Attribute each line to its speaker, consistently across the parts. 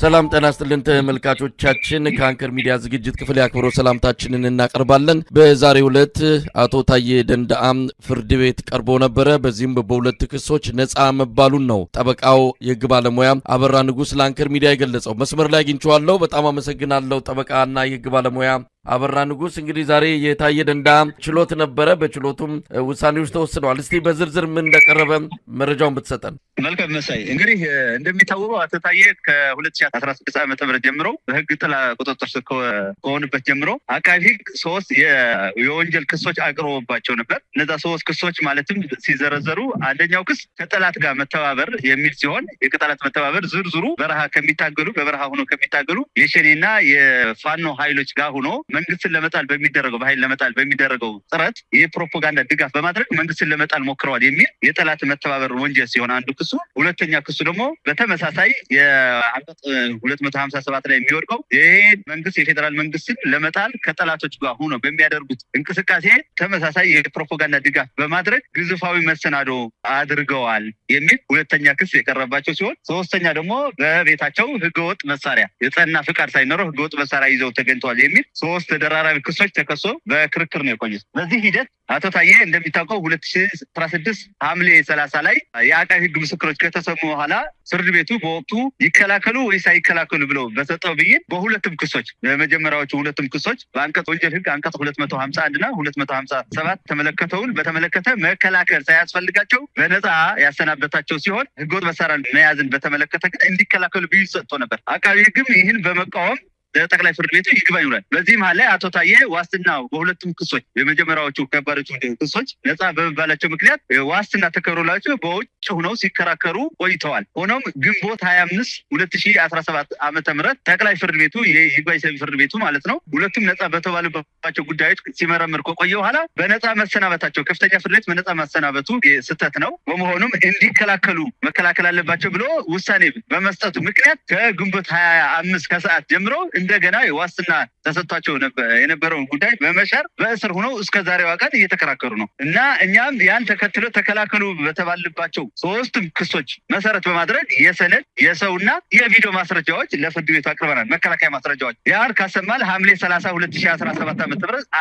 Speaker 1: ሰላም ጤና ስጥልን ተመልካቾቻችን፣ ከአንከር ሚዲያ ዝግጅት ክፍል የአክብሮ ሰላምታችንን እናቀርባለን። በዛሬው ዕለት አቶ ታዬ ደንደአም ፍርድ ቤት ቀርቦ ነበረ። በዚህም በሁለት ክሶች ነፃ መባሉን ነው ጠበቃው የህግ ባለሙያ አበራ ንጉስ ለአንከር ሚዲያ የገለጸው። መስመር ላይ አግኝቼዋለሁ። በጣም አመሰግናለሁ ጠበቃና የህግ ባለሙያ አበራ ንጉስ እንግዲህ ዛሬ የታየ ደንዳ ችሎት ነበረ። በችሎቱም ውሳኔዎች ተወስነዋል። እስቲ በዝርዝር ምን እንደቀረበ መረጃውን ብትሰጠን
Speaker 2: መልካም። መሳይ እንግዲህ እንደሚታወቀው አቶ ታየ ከ2016 ዓ ም ጀምሮ በህግ ጥላ ቁጥጥር ስር ከሆንበት ጀምሮ አቃቢ ህግ ሶስት የወንጀል ክሶች አቅርቦባቸው ነበር። እነዛ ሶስት ክሶች ማለትም ሲዘረዘሩ አንደኛው ክስ ከጠላት ጋር መተባበር የሚል ሲሆን የቅጠላት መተባበር ዝርዝሩ በረሃ ከሚታገሉ በበረሃ ሆኖ ከሚታገሉ የሸኔና የፋኖ ኃይሎች ጋር ሆኖ መንግስትን ለመጣል በሚደረገው በኃይል ለመጣል በሚደረገው ጥረት የፕሮፓጋንዳ ፕሮፓጋንዳ ድጋፍ በማድረግ መንግስትን ለመጣል ሞክረዋል የሚል የጠላት መተባበር ወንጀል ሲሆን አንዱ ክሱ፣ ሁለተኛ ክሱ ደግሞ በተመሳሳይ የአንቀጽ ሁለት መቶ ሀምሳ ሰባት ላይ የሚወድቀው ይሄ መንግስት የፌዴራል መንግስትን ለመጣል ከጠላቶች ጋር ሆኖ በሚያደርጉት እንቅስቃሴ ተመሳሳይ የፕሮፓጋንዳ ድጋፍ በማድረግ ግዙፋዊ መሰናዶ አድርገዋል የሚል ሁለተኛ ክስ የቀረባቸው ሲሆን ሶስተኛ ደግሞ በቤታቸው ህገወጥ መሳሪያ የጸና ፍቃድ ሳይኖረው ህገወጥ መሳሪያ ይዘው ተገኝተዋል የሚል ሶስት ተደራራቢ ክሶች ተከሶ በክርክር ነው የቆዩት። በዚህ ሂደት አቶ ታዬ እንደሚታውቀው ሁለት ሺ አስራ ስድስት ሐምሌ ሰላሳ ላይ የአቃቢ ህግ ምስክሮች ከተሰሙ በኋላ ፍርድ ቤቱ በወቅቱ ይከላከሉ ወይስ አይከላከሉ ብለው በሰጠው ብይን በሁለትም ክሶች በመጀመሪያዎቹ ሁለቱም ክሶች በአንቀጽ ወንጀል ህግ አንቀጽ ሁለት መቶ ሀምሳ አንድ እና ሁለት መቶ ሀምሳ ሰባት ተመለከተውን በተመለከተ መከላከል ሳያስፈልጋቸው በነፃ ያሰናበታቸው ሲሆን ህገወጥ መሳሪያ መያዝን በተመለከተ ግን እንዲከላከሉ ብይን ሰጥቶ ነበር። አቃቢ ህግም ይህን በመቃወም ለጠቅላይ ፍርድ ቤቱ ይግባኝ ይውላል። በዚህ መሀል ላይ አቶ ታዬ ዋስትና በሁለቱም ክሶች የመጀመሪያዎቹ ከባዶቹ ክሶች ነፃ በመባላቸው ምክንያት ዋስትና ተከብሮላቸው በውጭ ሆነው ሲከራከሩ ቆይተዋል። ሆኖም ግንቦት ሀያ አምስት ሁለት ሺ አስራ ሰባት ዓመተ ምህረት ጠቅላይ ፍርድ ቤቱ ይግባኝ ሰሚ ፍርድ ቤቱ ማለት ነው ሁለቱም ነፃ በተባሉባቸው ጉዳዮች ሲመረምር ከቆየ በኋላ በነፃ መሰናበታቸው ከፍተኛ ፍርድ ቤት በነፃ ማሰናበቱ ስህተት ነው። በመሆኑም እንዲከላከሉ መከላከል አለባቸው ብሎ ውሳኔ በመስጠቱ ምክንያት ከግንቦት ሀያ አምስት ከሰዓት ጀምሮ እንደገና ዋስትና ተሰጥቷቸው የነበረውን ጉዳይ በመሻር በእስር ሆነው እስከ ዛሬዋ ቀን እየተከራከሩ ነው እና እኛም ያን ተከትሎ ተከላከሉ በተባልባቸው ሶስቱም ክሶች መሰረት በማድረግ የሰነድ የሰውና የቪዲዮ ማስረጃዎች ለፍርድ ቤቱ አቅርበናል። መከላከያ ማስረጃዎች ያህር ካሰማል ሐምሌ ሰላሳ ሁለት ሺ አስራ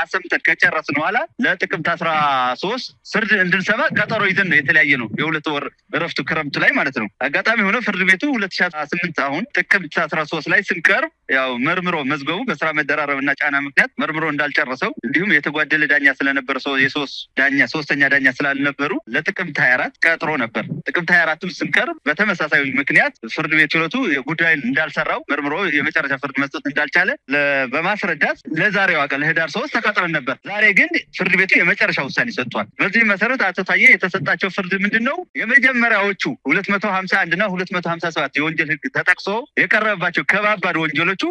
Speaker 2: አሰምተን ከጨረስን በኋላ ለጥቅምት 13 ሶስት ፍርድ እንድንሰማ ቀጠሮ ይዘን የተለያየ ነው። የሁለት ወር እረፍቱ ክረምቱ ላይ ማለት ነው። አጋጣሚ የሆነ ፍርድ ቤቱ 2018 አሁን ጥቅምት 13 ላይ ስንቀርብ ያው መርምሮ መዝገቡ በስራ መደራረብ እና ጫና ምክንያት መርምሮ እንዳልጨረሰው እንዲሁም የተጓደለ ዳኛ ስለነበረ የሶስት ዳኛ ሶስተኛ ዳኛ ስላልነበሩ ለጥቅምት ሀያ አራት ቀጥሮ ነበር። ጥቅምት ሀያ አራትም ስንቀርብ በተመሳሳይ ምክንያት ፍርድ ቤት ችሎቱ ጉዳይን እንዳልሰራው መርምሮ የመጨረሻ ፍርድ መስጠት እንዳልቻለ በማስረዳት ለዛሬው አቀል ለህዳር ሶስት ተቀጥረን ነበር። ዛሬ ግን ፍርድ ቤቱ የመጨረሻ ውሳኔ ሰጥቷል። በዚህ መሰረት አቶ ታዬ የተሰጣቸው ፍርድ ምንድን ነው? የመጀመሪያዎቹ ሁለት መቶ ሀምሳ አንድ እና ሁለት መቶ ሀምሳ ሰባት የወንጀል ህግ ተጠቅሶ የቀረበባቸው ከባባድ ወንጀሎቹ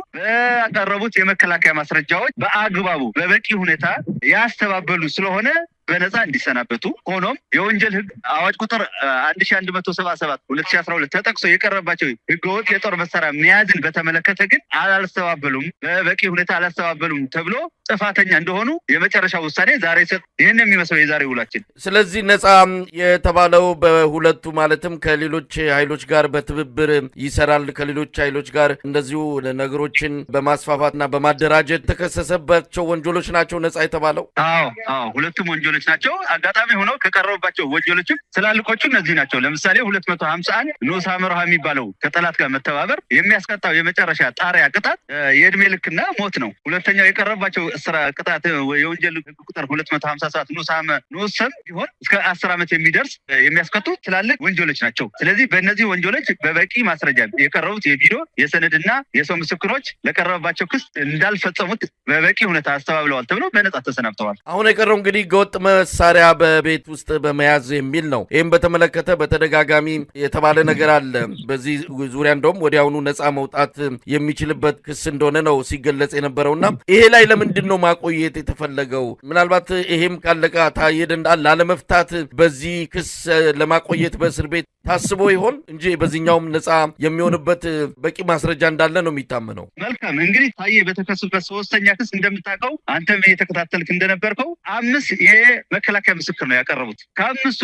Speaker 2: ያቀረቡት የመከላከያ ማስረጃዎች በአግባቡ በበቂ ሁኔታ ያስተባበሉ ስለሆነ በነፃ እንዲሰናበቱ። ሆኖም የወንጀል ህግ አዋጅ ቁጥር አንድ ሺ አንድ መቶ ሰባ ሰባት ሁለት ሺ አስራ ሁለት ተጠቅሶ የቀረባቸው ህገወጥ የጦር መሳሪያ መያዝን በተመለከተ ግን አላስተባበሉም፣ በበቂ ሁኔታ አላስተባበሉም ተብሎ ጥፋተኛ እንደሆኑ የመጨረሻ ውሳኔ ዛሬ ሰጥ። ይህን የሚመስለው የዛሬ ውላችን።
Speaker 1: ስለዚህ ነፃ የተባለው በሁለቱ ማለትም ከሌሎች ኃይሎች ጋር በትብብር ይሰራል፣ ከሌሎች ኃይሎች ጋር እንደዚሁ ነገሮችን በማስፋፋትና በማደራጀት የተከሰሰባቸው ወንጀሎች ናቸው ነፃ የተባለው።
Speaker 2: አዎ አዎ ሁለቱም ወንጀሎች ወንጀሎች ናቸው። አጋጣሚ ሆነው ከቀረቡባቸው ወንጀሎችም ትላልቆቹ እነዚህ ናቸው። ለምሳሌ ሁለት መቶ ሀምሳ አንድ ንዑስ የሚባለው ከጠላት ጋር መተባበር የሚያስቀጣው የመጨረሻ ጣሪያ ቅጣት የእድሜ ልክና ሞት ነው። ሁለተኛው የቀረቡባቸው እስራ ቅጣት የወንጀል ቁጥር ሁለት መቶ ሀምሳ ሰባት ንዑስ ሰም ቢሆን እስከ አስር ዓመት የሚደርስ የሚያስቀጡ ትላልቅ ወንጀሎች ናቸው። ስለዚህ በእነዚህ ወንጀሎች በበቂ ማስረጃ የቀረቡት የቪዲዮ የሰነድና የሰው ምስክሮች ለቀረበባቸው ክስ እንዳልፈጸሙት በበቂ ሁኔታ አስተባብለዋል ተብሎ በነጻ ተሰናብተዋል።
Speaker 1: አሁን የቀረው እንግዲህ ህገወጥ መሳሪያ በቤት ውስጥ በመያዝ የሚል ነው። ይህም በተመለከተ በተደጋጋሚ የተባለ ነገር አለ። በዚህ ዙሪያ እንደውም ወዲያውኑ ነፃ መውጣት የሚችልበት ክስ እንደሆነ ነው ሲገለጽ የነበረውና ይሄ ላይ ለምንድን ነው ማቆየት የተፈለገው? ምናልባት ይሄም ካለቀ ታዬ እንዳል ላለመፍታት በዚህ ክስ ለማቆየት በእስር ቤት ታስቦ ይሆን እንጂ በዚህኛውም ነፃ የሚሆንበት በቂ ማስረጃ እንዳለ ነው የሚታመነው።
Speaker 2: መልካም እንግዲህ ታዬ በተከሱበት ሶስተኛ ክስ እንደምታውቀው አንተም የተከታተልክ እንደነበርከው አምስት መከላከያ ምስክር ነው ያቀረቡት። ከአምስቱ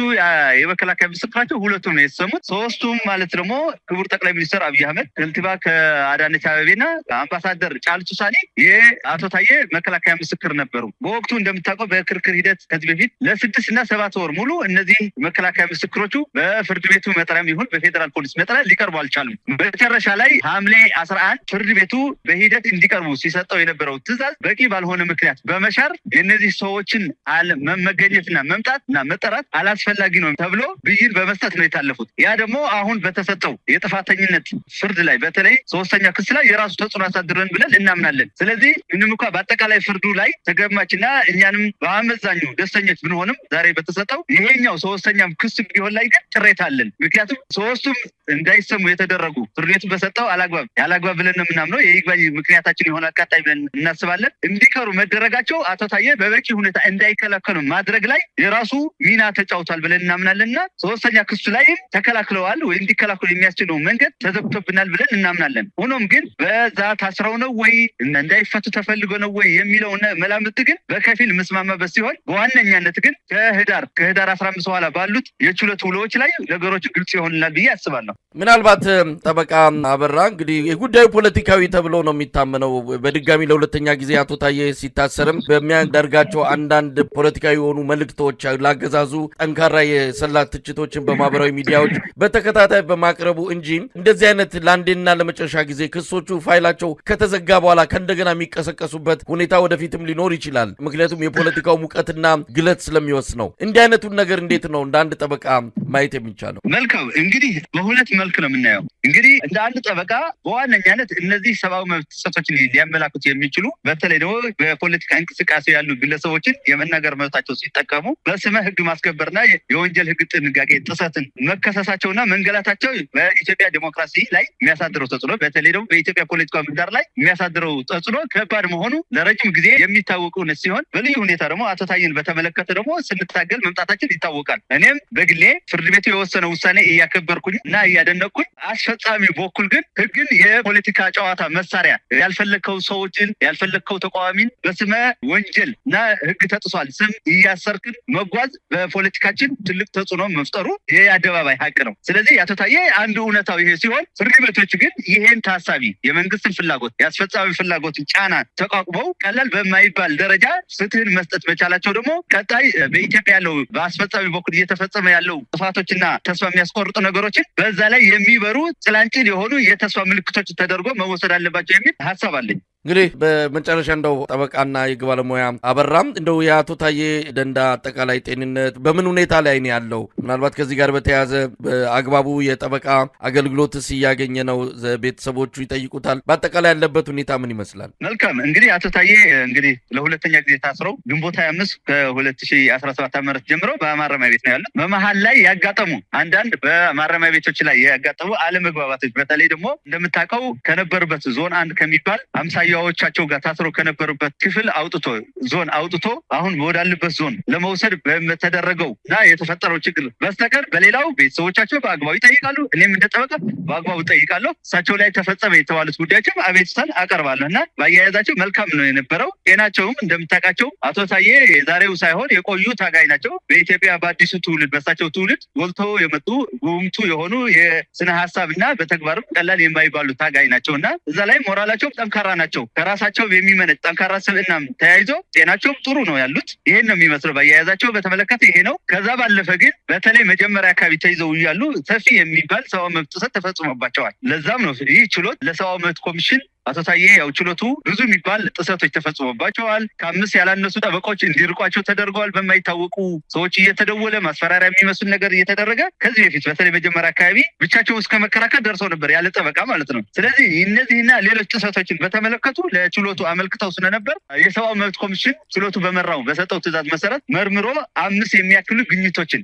Speaker 2: የመከላከያ ምስክር ናቸው ሁለቱ ነው የተሰሙት። ሶስቱም ማለት ደግሞ ክቡር ጠቅላይ ሚኒስትር አብይ አህመድ፣ ከንቲባ ከአዳነች አቤቤና አምባሳደር ጫልቱ ሳኒ የአቶ ታዬ መከላከያ ምስክር ነበሩ። በወቅቱ እንደምታውቀው በክርክር ሂደት ከዚህ በፊት ለስድስት እና ሰባት ወር ሙሉ እነዚህ መከላከያ ምስክሮቹ በፍርድ ቤቱ መጠሪያም ይሁን በፌዴራል ፖሊስ መጠሪያ ሊቀርቡ አልቻሉም። መጨረሻ ላይ ሐምሌ አስራ አንድ ፍርድ ቤቱ በሂደት እንዲቀርቡ ሲሰጠው የነበረው ትዕዛዝ በቂ ባልሆነ ምክንያት በመሻር የእነዚህ ሰዎችን አለ መገኘትና መምጣትና መጠራት አላስፈላጊ ነው ተብሎ ብይን በመስጠት ነው የታለፉት። ያ ደግሞ አሁን በተሰጠው የጥፋተኝነት ፍርድ ላይ በተለይ ሶስተኛ ክስ ላይ የራሱ ተጽዕኖ አሳድረን ብለን እናምናለን። ስለዚህ ምንም እንኳ በአጠቃላይ ፍርዱ ላይ ተገማችና እኛንም በአመዛኙ ደስተኞች ብንሆንም ዛሬ በተሰጠው ይሄኛው ሶስተኛም ክስ ቢሆን ላይ ግን ቅሬታ አለን። ምክንያቱም ሶስቱም እንዳይሰሙ የተደረጉ ፍርድ ቤቱ በሰጠው አላግባብ ያላግባብ ብለን ነው የምናምነው። የይግባኝ ምክንያታችን የሆነ አቃጣይ ብለን እናስባለን። እንዲቀሩ መደረጋቸው አቶ ታዬ በበቂ ሁኔታ እንዳይከላከሉ ማድረግ ላይ የራሱ ሚና ተጫውቷል ብለን እናምናለን እና ሶስተኛ ክሱ ላይም ተከላክለዋል ወይ እንዲከላከሉ የሚያስችለው መንገድ ተዘግቶብናል ብለን እናምናለን። ሆኖም ግን በዛ ታስረው ነው ወይ እንዳይፈቱ ተፈልጎ ነው ወይ የሚለው መላምት ግን በከፊል ምስማማበት ሲሆን በዋነኛነት ግን ከህዳር ከህዳር አስራ አምስት በኋላ ባሉት የችሎት ውሎዎች ላይ ነገሮች ግልጽ ይሆንላል ብዬ አስባለሁ።
Speaker 1: ምናልባት ጠበቃ አበራ እንግዲህ የጉዳዩ ፖለቲካዊ ተብሎ ነው የሚታመነው። በድጋሚ ለሁለተኛ ጊዜ አቶ ታዬ ሲታሰርም በሚያደርጋቸው አንዳንድ ፖለቲካዊ አዎንታዊ የሆኑ መልእክቶች ላገዛዙ ጠንካራ የሰላት ትችቶችን በማህበራዊ ሚዲያዎች በተከታታይ በማቅረቡ እንጂ እንደዚህ አይነት ለአንዴና ለመጨረሻ ጊዜ ክሶቹ ፋይላቸው ከተዘጋ በኋላ ከእንደገና የሚቀሰቀሱበት ሁኔታ ወደፊትም ሊኖር ይችላል። ምክንያቱም የፖለቲካው ሙቀትና ግለት ስለሚወስ ነው እንዲህ አይነቱን ነገር እንዴት ነው እንደ አንድ ጠበቃ ማየት የሚቻለው?
Speaker 2: መልካም እንግዲህ በሁለት መልክ ነው የምናየው። እንግዲህ እንደ አንድ ጠበቃ በዋነኛነት እነዚህ ሰብአዊ መብት ጥሰቶችን ሊያመላክቱ የሚችሉ በተለይ ደግሞ በፖለቲካ እንቅስቃሴ ያሉ ግለሰቦችን የመናገር መብታቸው መብታቸው ሲጠቀሙ በስመ ህግ ማስከበርና የወንጀል ህግ ጥንቃቄ ጥሰትን መከሰሳቸውና መንገላታቸው በኢትዮጵያ ዲሞክራሲ ላይ የሚያሳድረው ተጽዕኖ በተለይ ደግሞ በኢትዮጵያ ፖለቲካ ምህዳር ላይ የሚያሳድረው ተጽዕኖ ከባድ መሆኑ ለረጅም ጊዜ የሚታወቅ ሲሆን በልዩ ሁኔታ ደግሞ አቶ ታዬን በተመለከተ ደግሞ ስንታገል መምጣታችን ይታወቃል። እኔም በግሌ ፍርድ ቤቱ የወሰነ ውሳኔ እያከበርኩኝ እና እያደነቅኩኝ፣ አስፈጻሚ በኩል ግን ህግን የፖለቲካ ጨዋታ መሳሪያ ያልፈለግከው ሰዎችን ያልፈለግከው ተቃዋሚን በስመ ወንጀል እና ህግ ተጥሷል ስም እያሰርክን መጓዝ በፖለቲካችን ትልቅ ተጽዕኖ መፍጠሩ ይሄ አደባባይ ሀቅ ነው። ስለዚህ አቶ ታዬ አንዱ እውነታው ይሄ ሲሆን፣ ፍርድ ቤቶች ግን ይሄን ታሳቢ የመንግስትን ፍላጎት የአስፈጻሚ ፍላጎትን ጫና ተቋቁመው ቀላል በማይባል ደረጃ ፍትህን መስጠት መቻላቸው ደግሞ ቀጣይ በኢትዮጵያ ያለው በአስፈጻሚ በኩል እየተፈጸመ ያለው ጥፋቶችና ተስፋ የሚያስቆርጡ ነገሮችን በዛ ላይ የሚበሩ ጭላንጭል የሆኑ የተስፋ ምልክቶች ተደርጎ መወሰድ አለባቸው የሚል ሀሳብ አለኝ።
Speaker 1: እንግዲህ በመጨረሻ እንደው ጠበቃና የህግ ባለሙያ አበራም እንደው የአቶ ታዬ ደንዳ አጠቃላይ ጤንነት በምን ሁኔታ ላይ ነው ያለው? ምናልባት ከዚህ ጋር በተያያዘ በአግባቡ የጠበቃ አገልግሎትስ እያገኘ ነው? ቤተሰቦቹ ይጠይቁታል። በአጠቃላይ ያለበት ሁኔታ ምን ይመስላል?
Speaker 2: መልካም እንግዲህ አቶ ታዬ እንግዲህ ለሁለተኛ ጊዜ ታስረው ግንቦት ሀያ አምስት ከሁለት አስራ ሰባት ዓመት ጀምሮ በማረሚያ ቤት ነው ያሉት። በመሀል ላይ ያጋጠሙ አንዳንድ በማረሚያ ቤቶች ላይ ያጋጠሙ አለመግባባቶች በተለይ ደግሞ እንደምታውቀው ከነበሩበት ዞን አንድ ከሚባል አምሳ ሚዲያዎቻቸው ጋር ታስሮ ከነበሩበት ክፍል አውጥቶ ዞን አውጥቶ አሁን ወዳለበት ዞን ለመውሰድ በተደረገው እና የተፈጠረው ችግር በስተቀር በሌላው ቤተሰቦቻቸው በአግባቡ ይጠይቃሉ። እኔም እንደጠበቀ በአግባቡ እጠይቃለሁ። እሳቸው ላይ ተፈጸመ የተባሉት ጉዳዮችም አቤቱታን አቀርባለሁ እና በአያያዛቸው መልካም ነው የነበረው። ጤናቸውም እንደምታውቃቸው አቶ ታዬ የዛሬው ሳይሆን የቆዩ ታጋይ ናቸው። በኢትዮጵያ በአዲሱ ትውልድ በሳቸው ትውልድ ጎልቶ የመጡ ጉምቱ የሆኑ የስነ ሀሳብ እና በተግባርም ቀላል የማይባሉ ታጋይ ናቸው እና እዛ ላይ ሞራላቸው ጠንካራ ናቸው። ከራሳቸው የሚመነጭ ጠንካራ ስምና ተያይዞ ጤናቸውም ጥሩ ነው ያሉት። ይሄን ነው የሚመስለው በአያያዛቸው በተመለከተ ይሄ ነው። ከዛ ባለፈ ግን በተለይ መጀመሪያ አካባቢ ተይዘው ያሉ ሰፊ የሚባል ሰብአዊ መብት ጥሰት ተፈጽሞባቸዋል። ለዛም ነው ይህ ችሎት ለሰብአዊ መብት ኮሚሽን አቶ ታዬ ያው ችሎቱ ብዙ የሚባል ጥሰቶች ተፈጽሞባቸዋል። ከአምስት ያላነሱ ጠበቆች እንዲርቋቸው ተደርገዋል። በማይታወቁ ሰዎች እየተደወለ ማስፈራሪያ የሚመስል ነገር እየተደረገ ከዚህ በፊት በተለይ መጀመሪያ አካባቢ ብቻቸው እስከ መከራከር ደርሰው ነበር ያለ ጠበቃ ማለት ነው። ስለዚህ እነዚህና ሌሎች ጥሰቶችን በተመለከቱ ለችሎቱ አመልክተው ስለነበር የሰብአዊ መብት ኮሚሽን ችሎቱ በመራው በሰጠው ትዕዛዝ መሰረት መርምሮ አምስት የሚያክሉ ግኝቶችን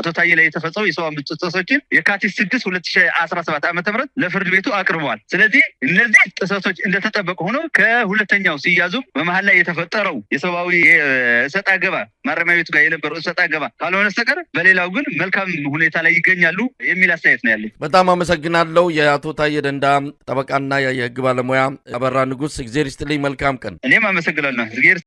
Speaker 2: አቶ ታዬ ላይ የተፈጸሙ የሰብአዊ መብት ጥሰቶችን የካቲት ስድስት ሁለት ሺህ አስራ ሰባት ዓመተ ምህረት ለፍርድ ቤቱ አቅርበዋል። ስለዚህ እነዚህ ጥሰቶች እንደተጠበቀ ሆኖ ከሁለተኛው ሲያዙ በመሀል ላይ የተፈጠረው የሰብአዊ የእሰጣ ገባ ማረሚያ ቤቱ ጋር የነበረው እሰጣ ገባ ካልሆነ በስተቀር በሌላው ግን መልካም ሁኔታ ላይ ይገኛሉ የሚል አስተያየት ነው ያለኝ።
Speaker 1: በጣም አመሰግናለሁ። የአቶ ታየ ደንዳ ጠበቃና የህግ ባለሙያ አበራ ንጉስ፣ እግዜር ይስጥልኝ። መልካም ቀን። እኔም አመሰግናለሁ።